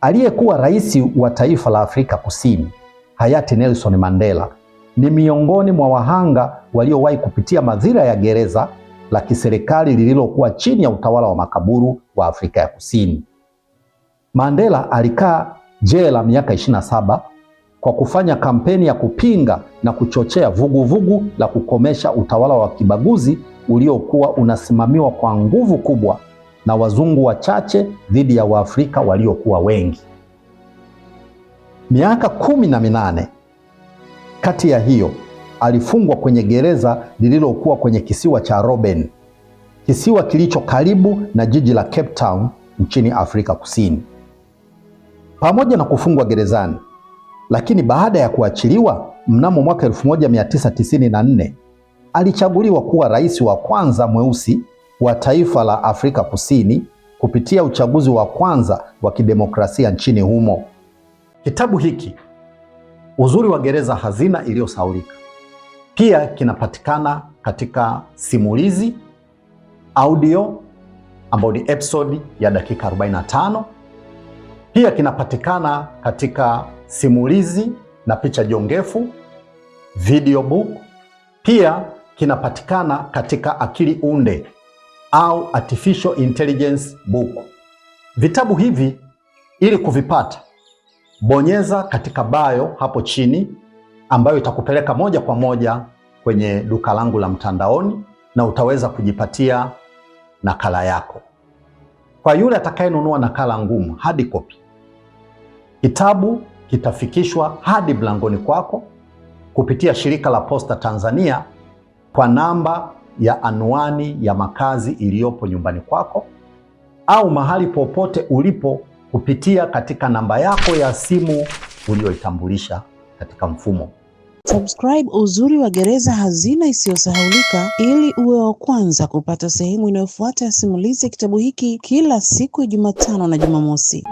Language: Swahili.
Aliyekuwa rais wa taifa la Afrika Kusini hayati Nelson Mandela ni miongoni mwa wahanga waliowahi kupitia madhira ya gereza la kiserikali lililokuwa chini ya utawala wa makaburu wa Afrika ya Kusini. Mandela alikaa jela miaka 27 kwa kufanya kampeni ya kupinga na kuchochea vuguvugu vugu la kukomesha utawala wa kibaguzi uliokuwa unasimamiwa kwa nguvu kubwa na wazungu wachache dhidi ya Waafrika waliokuwa wengi. Miaka kumi na minane kati ya hiyo alifungwa kwenye gereza lililokuwa kwenye kisiwa cha Robben, kisiwa kilicho karibu na jiji la Cape Town nchini Afrika Kusini. Pamoja na kufungwa gerezani, lakini baada ya kuachiliwa mnamo mwaka 1994 alichaguliwa kuwa rais wa kwanza mweusi wa taifa la Afrika Kusini kupitia uchaguzi wa kwanza wa kidemokrasia nchini humo. Kitabu hiki Uzuri wa Gereza, hazina iliyosahaulika, pia kinapatikana katika simulizi audio ambayo ni episodi ya dakika 45. Pia kinapatikana katika simulizi na picha jongefu video book. Pia kinapatikana katika akili unde au Artificial Intelligence Book. Vitabu hivi ili kuvipata, bonyeza katika bio hapo chini, ambayo itakupeleka moja kwa moja kwenye duka langu la mtandaoni na utaweza kujipatia nakala yako. Kwa yule atakayenunua nakala ngumu hard copy, kitabu kitafikishwa hadi mlangoni kwako kupitia shirika la Posta Tanzania kwa namba ya anwani ya makazi iliyopo nyumbani kwako au mahali popote ulipo kupitia katika namba yako ya simu uliyoitambulisha katika mfumo. Subscribe Uzuri wa Gereza, hazina isiyosahaulika, ili uwe wa kwanza kupata sehemu inayofuata ya simulizi ya kitabu hiki, kila siku ya Jumatano na Jumamosi.